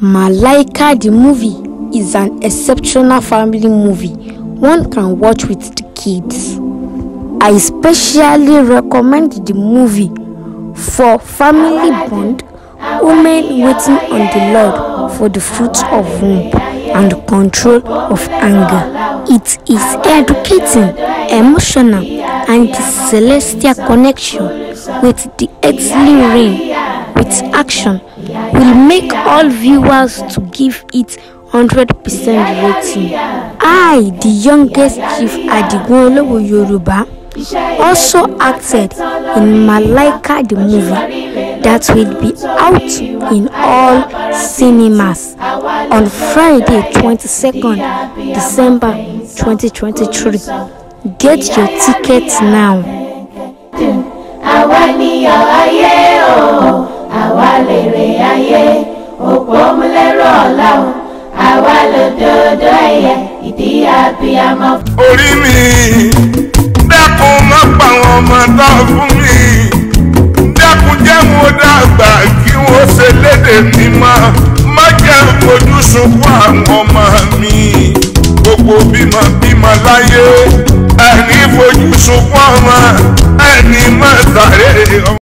Malaika the movie is an exceptional family movie one can watch with the kids. I especially recommend the movie for family bond, women waiting on the Lord for the fruits of womb and control of anger. It is educating, emotional, and the celestial connection with the earthly realm with action will make all viewers to give it 100% rating. I, the youngest chief Adigunlowo Yoruba, also acted in Malaika the movie that will be out in all cinemas on Friday 22nd December 2023. Get your tickets now. ayẹyẹ ìdí abiyamọ. orí mi dákun má pa àwọn ọmọ tó fún mi dákun jẹ́ mo dàgbà kí wọ́n ṣe léde mímọ́ má jẹ́ fojú sunkún àwọn ọmọ mi gbogbo bímọ bímọ láyé ẹni fojú sunkún ọmọ ẹni má sáré